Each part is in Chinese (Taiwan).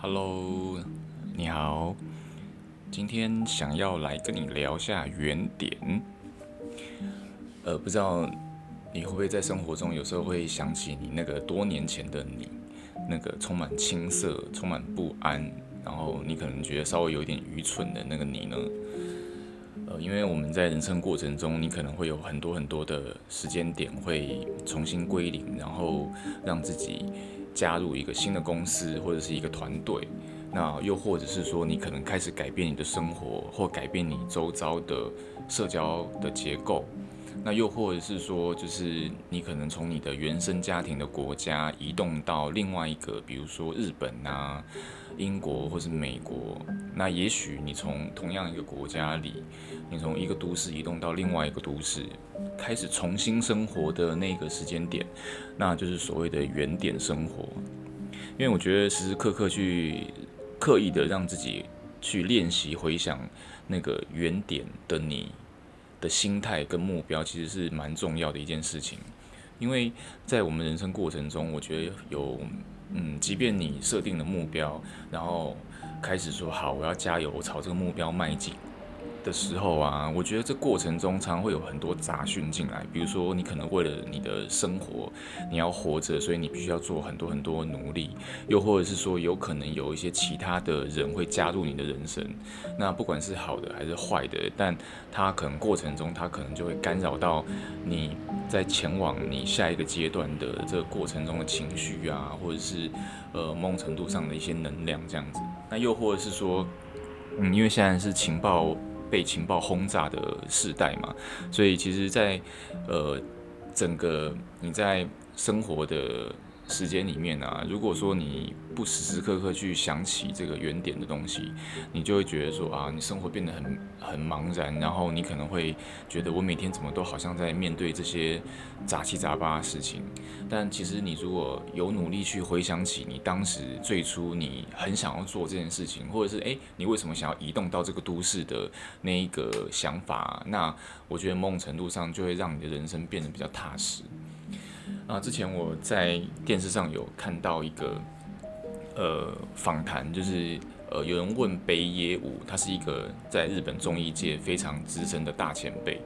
Hello，你好。今天想要來跟你聊一下原點。呃，不知道你會不會在生活中有時候會想起你那個多年前的你，那個充滿青澀、充滿不安，然後你可能覺得稍微有點愚蠢的那個你呢？呃，因為我們在人生過程中，你可能會有很多很多的時間點會重新歸零，然後讓自己，加入一個新的公司，或者是一個團隊，那又或者是說，你可能開始改變你的生活，或改變你周遭的社交的結構。那又或者是說，就是你可能從你的原生家庭的國家移動到另外一個，比如說日本啊、英國或是美國。那也許你從同樣一個國家裡，你從一個都市移動到另外一個都市，開始重新生活的那個時間點，那就是所謂的原點生活。因為我覺得時時刻刻去刻意的讓自己去練習回想那個原點的你的心態跟目標其實是蠻重要的一件事情，因為在我們人生過程中，我覺得有，嗯，即便你設定了目標，然後開始說好，我要加油，我朝這個目標邁進的時候啊，我覺得這過程中常會有很多雜訊進來，比如說你可能為了你的生活，你要活着，所以你必須要做很多很多努力，又或者是說有可能有一些其他的人會加入你的人生，那不管是好的還是壞的，但他可能過程中他可能就會干擾到你在前往你下一個階段的這個過程中的情緒啊，或者是呃某程度上的一些能量這樣子，那又或者是說，嗯，因為現在是情報。被情報轟炸的時代嘛，所以其實在，在呃整個你在生活的。時間裡面呢、啊，如果說你不時時刻刻去想起這個原點的東西，你就會覺得說啊，你生活變得很很茫然，然後你可能會覺得我每天怎麼都好像在面對這些雜七雜八的事情。但其實你如果有努力去回想起你當時最初你很想要做這件事情，或者是哎，你為什麼想要移動到這個都市的那一個想法，那我覺得某種程度上就會讓你的人生變得比較踏實。啊，之前我在電視上有看到一個呃訪談，就是呃有人問北野武，他是一個在日本綜藝界非常資深的大前輩，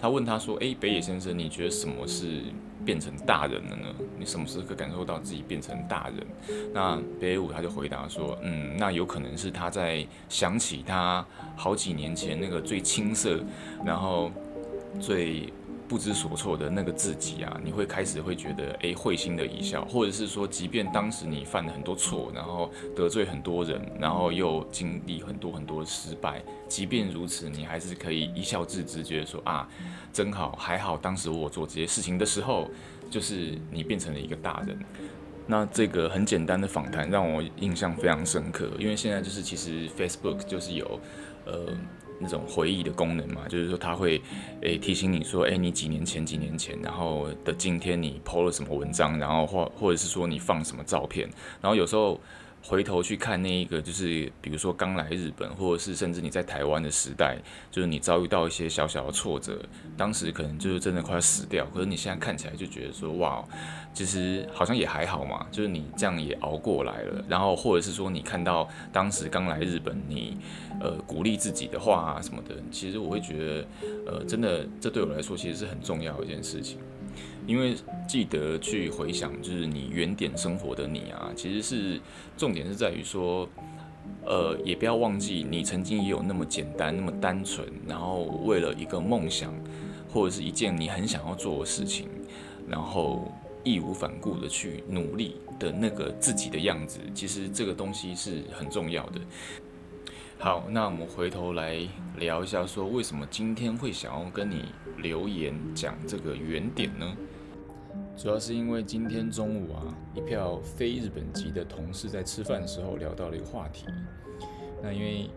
他問他說：“誒、欸，北野先生，你覺得什麼是變成大人了呢？你什麼時候可以感受到自己變成大人？”那北野武他就回答說：“嗯，那有可能是他在想起他好幾年前那個最青澀，然後最。”不知所措的那個自己啊，你會開始會覺得，哎，會心的一笑，或者是說，即便當時你犯了很多錯，然後得罪很多人，然後又經歷很多很多失敗，即便如此，你還是可以一笑置之，覺得說啊，真好，還好當時我做這些事情的時候，就是你變成了一個大人。那這個很簡單的訪談讓我印象非常深刻，因為現在就是其實 Facebook 就是有，呃。那種回憶的功能嘛，就是說他會誒、欸、提醒你說，哎、欸，你幾年前、幾年前，然後的今天你 po 了什麼文章，然後或或者是說你放什麼照片，然後有時候。回頭去看那一個，就是比如說剛來日本，或者是甚至你在台灣的時代，就是你遭遇到一些小小的挫折，當時可能就是真的快要死掉，可是你現在看起來就覺得說哇，其實好像也還好嘛，就是你這樣也熬過來了。然後或者是說你看到當時剛來日本，你呃鼓勵自己的話啊什麼的，其實我會覺得呃真的這對我來說其實是很重要的一件事情。因為記得去回想，就是你原點生活的你啊，其實是重點是在於說，呃，也不要忘記你曾經也有那麼簡單、那麼單純，然後為了一個夢想或者是一件你很想要做的事情，然後義無反顧的去努力的那個自己的樣子，其實這個東西是很重要的。好，那我們回頭來聊一下，說為什麼今天會想要跟你留言講這個原點呢？主要是因為今天中午啊，一票非日本籍的同事在吃飯的時候聊到了一個話題。那因為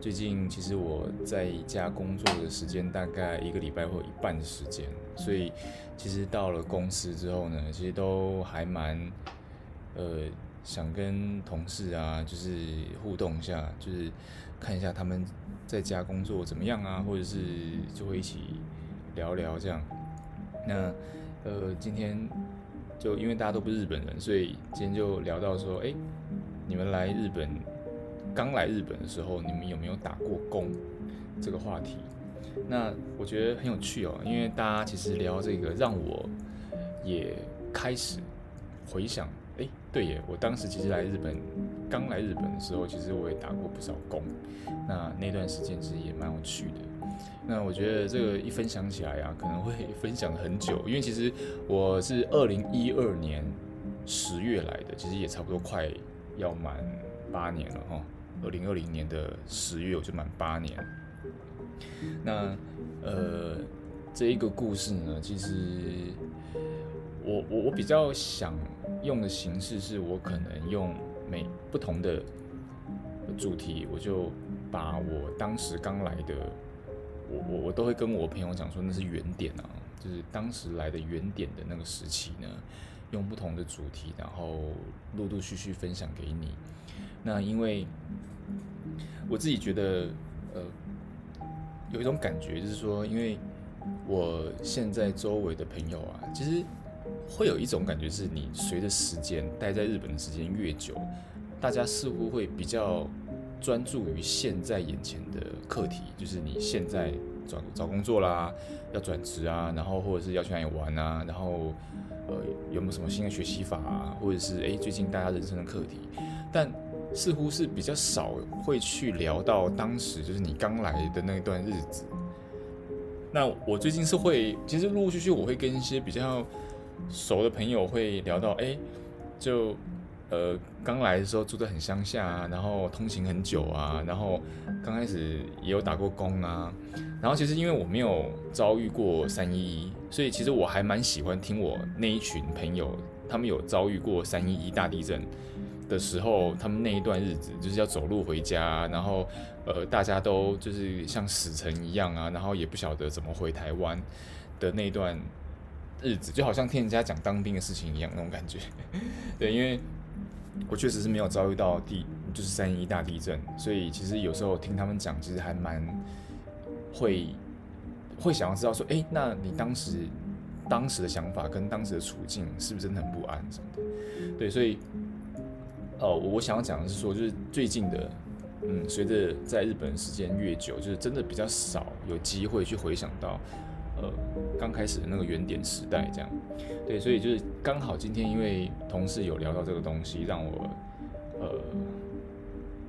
最近其實我在家工作的時間大概一個禮拜或一半的時間，所以其實到了公司之後呢，其實都還蠻呃想跟同事啊，就是互動一下，就是看一下他們在家工作怎麼樣啊，或者是就會一起聊聊這樣。那。呃，今天就因為大家都不是日本人，所以今天就聊到說，哎、欸，你們來日本，剛來日本的時候，你們有沒有打過工這個話題？那我覺得很有趣哦，因為大家其實聊這個，讓我也開始回想，哎、欸，對耶，我當時其實來日本，剛來日本的時候，其實我也打過不少工，那那段時間其實也蠻有趣的。那我覺得這個一分享起來呀、啊，可能會分享很久，因為其實我是二零一二年十月來的，其實也差不多快要滿八年了哈。二零二零年的十月我就滿八年。那呃，這一個故事呢，其實我我我比較想用的形式是，我可能用每不同的主題，我就把我當時剛來的。我我我都會跟我朋友講說，那是原點啊，就是當時來的原點的那個時期呢，用不同的主題，然後陸陸續續分享給你。那因為我自己覺得，呃，有一種感覺就是說，因為我現在周圍的朋友啊，其實會有一種感覺，是你隨着時間待在日本的時間越久，大家似乎會比較。專注於現在眼前的課題，就是你現在找找工作啦、啊，要轉職啊，然後或者是要去哪裡玩啊，然後呃有沒有什麼新的學習法，啊，或者是哎、欸，最近大家人生的課題，但似乎是比較少會去聊到當時就是你剛來的那段日子。那我最近是會，其實陸陸續續我會跟一些比較熟的朋友會聊到，哎、欸，就。呃，剛來的時候住得很鄉下啊，然後通勤很久啊，然後剛開始也有打過工啊，然後其實因為我沒有遭遇過三一一，所以其實我還蠻喜歡聽我那一群朋友，他們有遭遇過三一一大地震的時候，他們那一段日子就是要走路回家，然後呃大家都就是像死城一樣啊，然後也不曉得怎麼回台灣的那一段日子，就好像聽人家講當兵的事情一樣那種感覺，對，因為。我確實是沒有遭遇到地，就是三一大地震，所以其實有時候聽他們講，其實還蠻會會想要知道說，哎，那你當時當時的想法跟當時的處境是不是真的很不安什麼的？對，所以呃，我想要講的是說，就是最近的，嗯，隨着在日本時間越久，就是真的比較少有機會去回想到，呃，剛開始的那個原點時代這樣。對，所以就是剛好今天，因為同事有聊到這個東西，讓我呃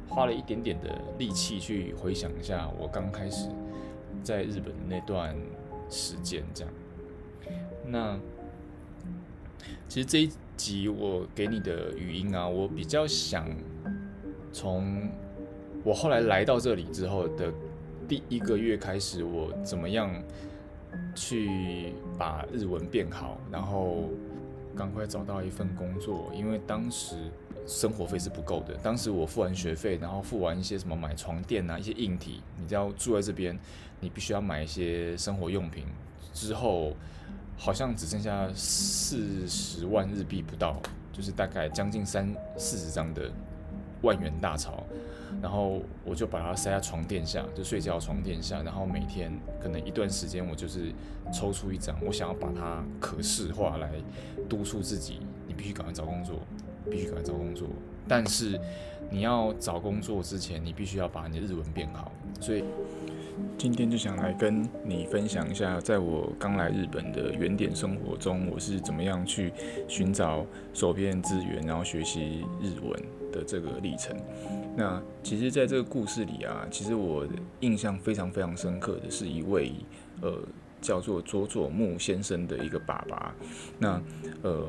花了一點點的力氣去回想一下我剛開始在日本的那段時間，這樣。那其實這一集我給你的語音啊，我比較想從我後來來到這裡之後的第一個月開始，我怎麼樣？去把日文變好，然後趕快找到一份工作，因為當時生活費是不夠的。當時我付完學費，然後付完一些什麼買床墊啊，一些硬體，你就要住在這邊，你必須要買一些生活用品。之後好像只剩下四十萬日幣不到，就是大概將近三四十張的萬元大鈔。然後我就把它塞在床墊下，就睡覺床墊下。然後每天可能一段時間，我就是抽出一張，我想要把它可視化來督促自己：你必須趕快找工作，必須趕快找工作。但是你要找工作之前，你必須要把你的日文變好。所以。今天就想來跟你分享一下，在我剛來日本的原點生活中，我是怎麼樣去尋找手邊資源，然後學習日文的這個歷程。那其實，在這個故事裡啊，其實我印象非常非常深刻的是一位呃。叫做佐佐木先生的一個爸爸。那呃，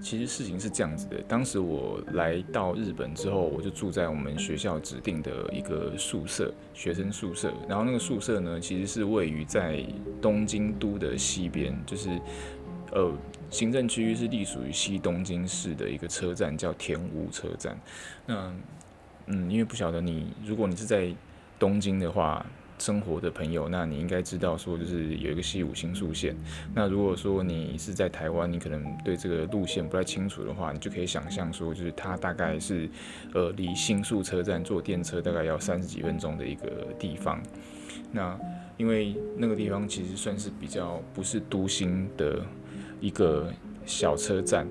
其實事情是這樣子的，當時我來到日本之後，我就住在我們學校指定的一個宿舍，學生宿舍。然後那個宿舍呢，其實是位於在東京都的西邊，就是呃，行政區域是隸屬於西東京市的一個車站，叫田無車站。那嗯，因為不曉得你，如果你是在東京的話。生活的朋友，那你應該知道說，就是有一個西武新宿線。那如果說你是在台灣，你可能對這個路線不太清楚的話，你就可以想象說，就是它大概是，呃，離新宿車站坐電車大概要三十幾分鐘的一個地方。那因為那個地方其實算是比較不是都心的一個小車站。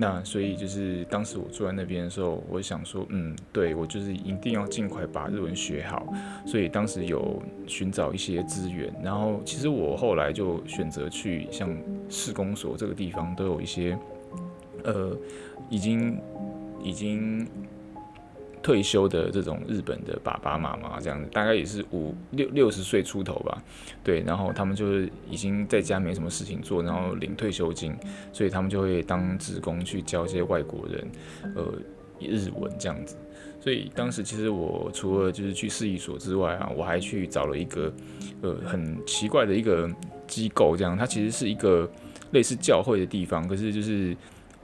那所以就是當時我住在那邊的時候，我想說，嗯，對我就是一定要盡快把日文學好。所以當時有尋找一些資源，然後其實我後來就選擇去像市公所這個地方，都有一些，呃，已經，已經。退休的這種日本的爸爸媽媽這樣子，大概也是五六六十歲出頭吧，對，然後他們就是已經在家沒什麼事情做，然後領退休金，所以他們就會當志工去教一些外國人，呃，日文這樣子。所以當時其實我除了就是去市役所之外啊，我還去找了一個呃很奇怪的一個機構，這樣它其實是一個類似教會的地方，可是就是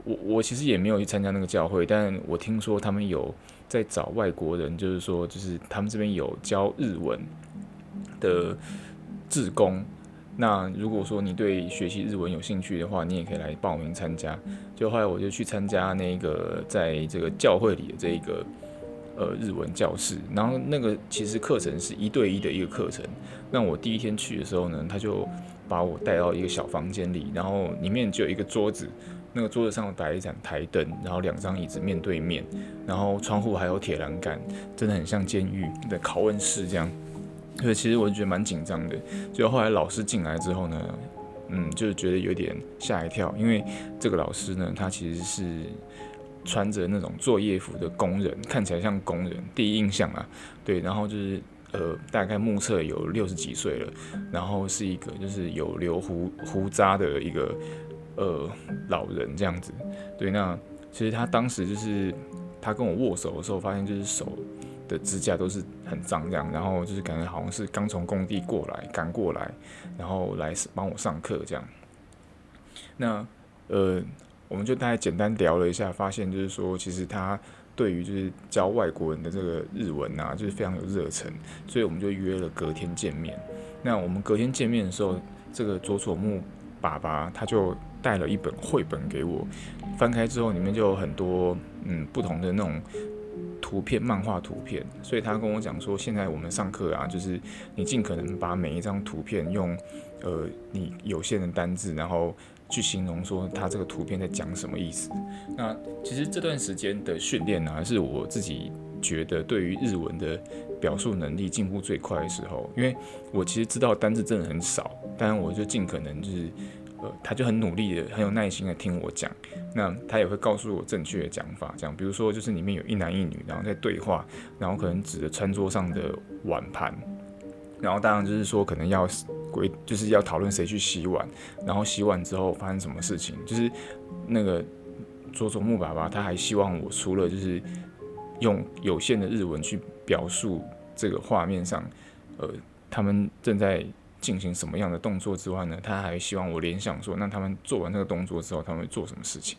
我我其實也沒有去參加那個教會，但我聽說他們有。在找外國人，就是說，就是他們這邊有教日文的志工。那如果說你對學習日文有興趣的話，你也可以來報名參加。就後來我就去參加那個在這個教會裡的這個呃日文教室，然後那個其實課程是一對一的一個課程。那我第一天去的時候呢，他就把我帶到一個小房間裡，然後裡面就有一個桌子。那個桌子上擺一盞台燈，然後兩張椅子面對面，然後窗戶還有鐵欄杆，真的很像監獄的拷問室這樣。所以其實我覺得蠻緊張的。所以後來老師進來之後呢，嗯，就是覺得有點嚇一跳，因為這個老師呢，他其實是穿着那種作業服的工人，看起來像工人。第一印象啊，對，然後就是呃，大概目測有六十幾歲了，然後是一個就是有留胡胡渣的一個。呃，老人這樣子，對，那其實他當時就是他跟我握手的時候，發現就是手的指甲都是很髒這樣，然後就是感覺好像是剛從工地過來，趕過來，然後來幫我上課這樣。那呃，我們就大概簡單聊了一下，發現就是說，其實他對於就是教外國人的這個日文啊，就是非常有熱忱，所以我們就約了隔天見面。那我們隔天見面的時候，這個佐佐木爸爸他就。帶了一本繪本給我，翻開之後裡面就有很多嗯不同的那種圖片，漫畫圖片。所以他跟我講說，現在我們上課啊，就是你盡可能把每一張圖片用呃你有限的單字，然後去形容說它這個圖片在講什麼意思。那其實這段時間的訓練呢，是我自己覺得對於日文的表述能力進步最快的時候，因為我其實知道單字真的很少，但我就盡可能就是。呃、他就很努力的、很有耐心的聽我講，那他也會告訴我正確的講法，講，比如說就是裡面有一男一女，然後在對話，然後可能指着餐桌上的碗盤，然後當然就是說可能要就是要討論誰去洗碗，然後洗碗之後發生什麼事情，就是那個佐佐木爸爸他還希望我除了就是用有限的日文去表述這個畫面上，呃，他們正在，進行什麼樣的動作之外呢？他還希望我聯想說，那他們做完那個動作之後，他們會做什麼事情？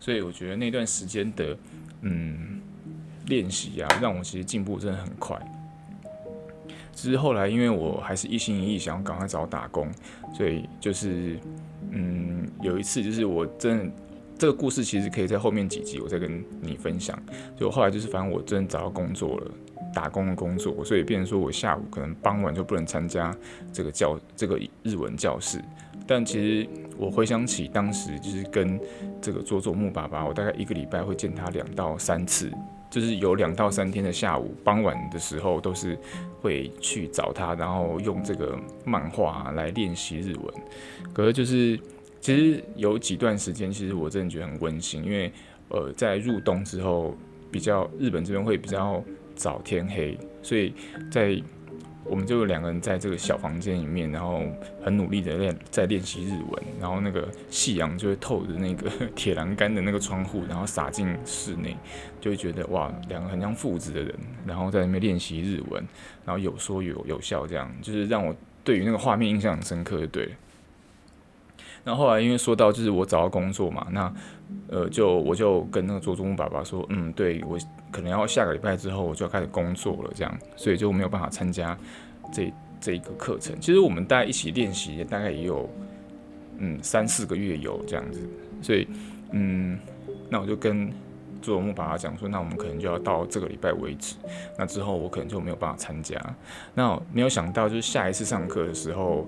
所以我覺得那段時間的嗯練習啊，讓我其實進步真的很快。只是後來因為我還是一心一意想要趕快找打工，所以就是嗯有一次就是我真的這個故事其實可以在後面幾集我再跟你分享。就後來就是反正我真的找到工作了。打工的工作，所以變成說我下午可能傍晚就不能參加這個教這個日文教室。但其實我回想起當時，就是跟這個佐佐木爸爸，我大概一個禮拜會見他兩到三次，就是有兩到三天的下午傍晚的時候，都是會去找他，然後用這個漫畫來練習日文。可是就是其實有幾段時間，其實我真的覺得很溫馨，因為呃，在入冬之後，比較日本這邊會比較。早天黑，所以在我們就有兩個人在這個小房間裡面，然後很努力的練在練習日文，然後那個夕陽就會透着那個鐵欄杆的那個窗戶，然後灑進室內，就會覺得哇，兩個很像父子的人，然後在那邊練習日文，然後有說有有笑，這樣就是讓我對於那個畫面印象很深刻，就對了。然後後來，因為說到就是我找到工作嘛，那呃，就我就跟那個佐佐木爸爸說，嗯，對我可能要下個禮拜之後我就要開始工作了，這樣，所以就沒有辦法參加這這一個課程。其實我們大家一起練習，大概也有嗯三四個月有這樣子，所以嗯，那我就跟佐佐木爸爸講說，那我們可能就要到這個禮拜為止，那之後我可能就沒有辦法參加。那沒有想到，就是下一次上課的時候。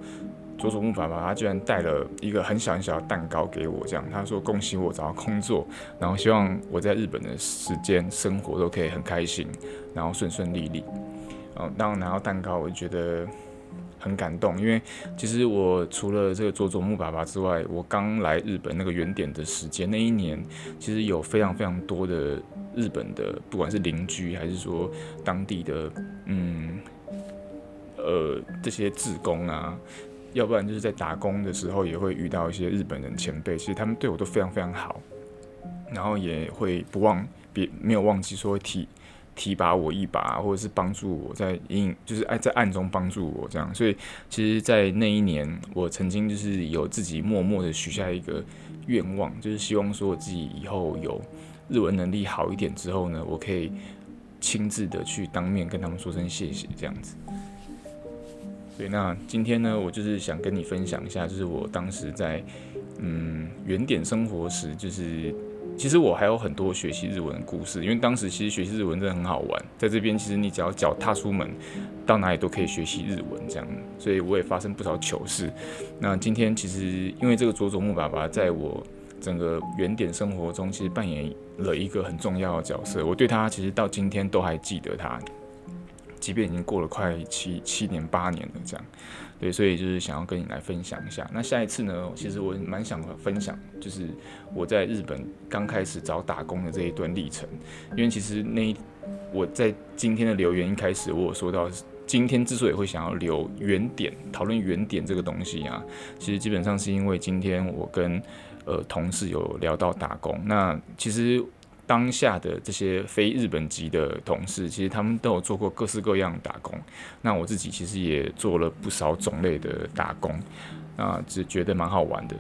佐佐木爸爸，他居然帶了一個很小很小的蛋糕給我，這樣，他說恭喜我找到工作，然後希望我在日本的時間生活都可以很開心，然後順順利利。然後，當我拿到蛋糕，我覺得很感動，因為其實我除了這個佐佐木爸爸之外，我剛來日本那個原點的時間那一年，其實有非常非常多的日本的，不管是鄰居還是說當地的，嗯，呃，這些志工啊。要不然就是在打工的時候也會遇到一些日本人前輩，其實他們對我都非常非常好，然後也會不忘別沒有忘記說提提拔我一把，或者是幫助我在隱就是哎在暗中幫助我這樣。所以其實，在那一年，我曾經就是有自己默默的許下一個願望，就是希望說我自己以後有日文能力好一點之後呢，我可以親自的去當面跟他們說聲謝謝這樣子。對，那今天呢，我就是想跟你分享一下，就是我當時在嗯原點生活時，就是其實我還有很多學習日文的故事，因為當時其實學習日文真的很好玩，在這邊其實你只要腳踏出門，到哪裡都可以學習日文這樣，所以我也發生不少糗事。那今天其實因為這個佐佐木爸爸，在我整個原點生活中，其實扮演了一個很重要的角色，我對他其實到今天都還記得他。即便已經過了快七七年八年了，這樣，對，所以就是想要跟你來分享一下。那下一次呢，其實我蠻想分享，就是我在日本剛開始找打工的這一段歷程。因為其實那我在今天的留言一開始，我有說到，今天之所以會想要留原點，討論原點這個東西啊，其實基本上是因為今天我跟呃同事有聊到打工，那其實。當下的這些非日本籍的同事，其實他們都有做過各式各樣的打工。那我自己其實也做了不少種類的打工，啊，只覺得蠻好玩的。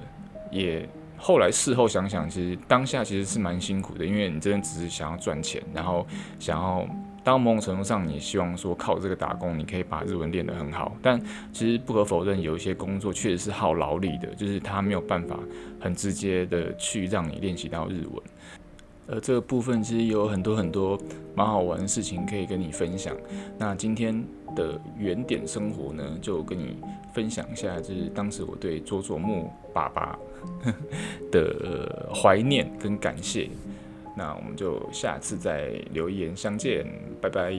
也後來事後想想，其實當下其實是蠻辛苦的，因為你真的只是想要賺錢，然後想要，到某種程度上，你希望說靠這個打工，你可以把日文練得很好。但其實不可否認，有一些工作確實是耗勞力的，就是他沒有辦法很直接的去讓你練習到日文。呃，這個部分其實有很多很多蠻好玩的事情可以跟你分享。那今天的原點生活呢，就跟你分享一下，就是當時我對佐佐木爸爸的呃、懷念跟感謝。那我們就下次再留言相見，拜拜。